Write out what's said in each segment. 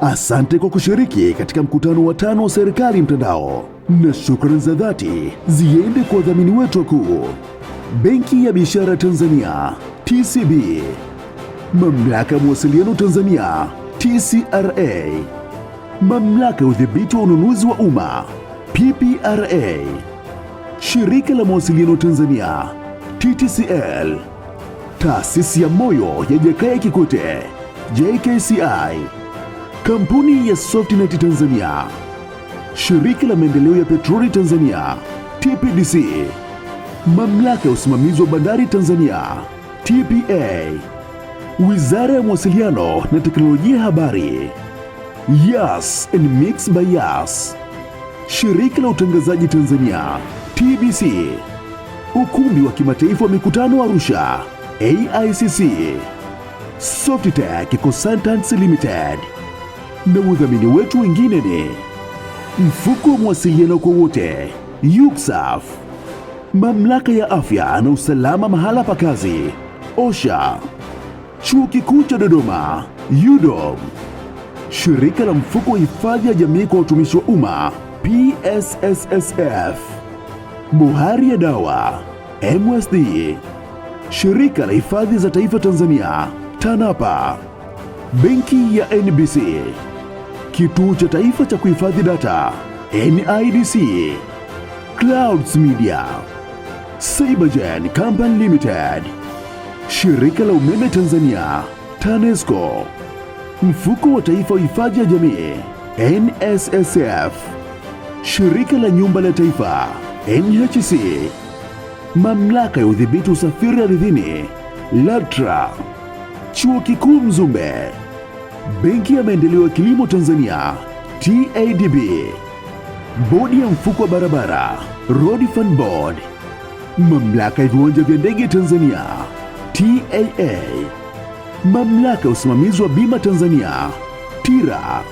Asante kwa kushiriki katika mkutano wa tano wa serikali mtandao, na shukrani za dhati ziende kwa wadhamini wetu wakuu: Benki ya Biashara Tanzania TCB, Mamlaka ya Mawasiliano Tanzania TCRA, Mamlaka ya Udhibiti wa Ununuzi wa Umma PPRA, Shirika la Mawasiliano Tanzania TTCL, Taasisi ya Moyo ya Jakaya Kikwete JKCI kampuni ya Softnet Tanzania, shirika la maendeleo ya petroli Tanzania TPDC, mamlaka ya usimamizi wa bandari Tanzania TPA, wizara ya mawasiliano na teknolojia ya habari Yas and Mix by Yas, shirika la utangazaji Tanzania TBC, ukumbi wa kimataifa wa mikutano Arusha AICC, Softitech Consultants Limited na wadhamini wetu wengine ni mfuko wa mawasiliano kwa wote, UCSAF, mamlaka ya afya na usalama mahala pa kazi, OSHA, chuo kikuu cha Dodoma, UDOM, shirika la mfuko wa hifadhi ya jamii kwa watumishi wa umma PSSSF, buhari ya dawa MSD, shirika la hifadhi za taifa Tanzania TANAPA, benki ya NBC. Kituo cha Taifa cha Kuhifadhi Data NIDC, Clouds Media, Cybergen Company Limited, Shirika la Umeme Tanzania TANESCO, Mfuko wa Taifa wa Hifadhi ya Jamii NSSF, Shirika la Nyumba la Taifa NHC, Mamlaka ya Udhibiti Usafiri Ardhini LATRA, Chuo Kikuu Mzumbe. Benki ya Maendeleo ya Kilimo Tanzania TADB, Bodi ya Mfuko wa Barabara Road Fund Board, Mamlaka ya Viwanja vya Ndege Tanzania TAA, Mamlaka ya Usimamizi wa Bima Tanzania TIRA,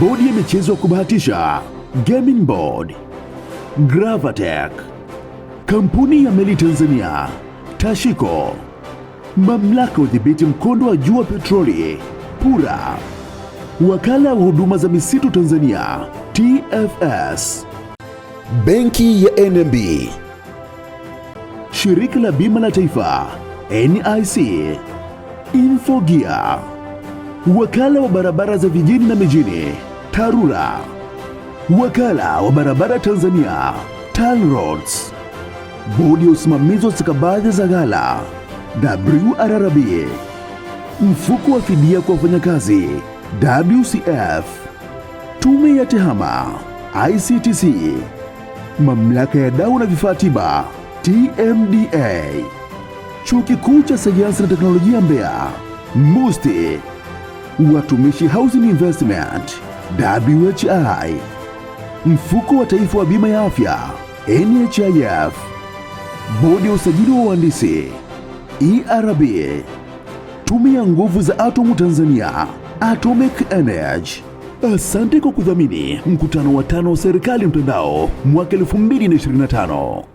Bodi ya Michezo ya Kubahatisha Gaming Board, Gravatech, Kampuni ya Meli Tanzania Tashiko, Mamlaka ya Udhibiti Mkondo wa Juu wa Petroli PURA. Wakala wa huduma za misitu Tanzania TFS, benki ya NMB, shirika la bima la taifa NIC, Infogia, wakala wa barabara za vijijini na mijini TARURA, wakala wa barabara Tanzania TANROADS, bodi ya usimamizi wa stakabadhi za ghala WRRB mfuko wa fidia kwa wafanyakazi WCF, tume ya tehama ICTC, mamlaka ya dawa na vifaa tiba TMDA, chuo kikuu cha sayansi na teknolojia Mbeya, musti watumishi housing investment WHI, mfuko wa taifa wa bima ya afya NHIF, bodi ya usajili wa uhandisi ERB tumia Nguvu za Atomu Tanzania, Atomic Energy. Asante kwa kudhamini mkutano wa tano wa serikali mtandao mwaka 2025.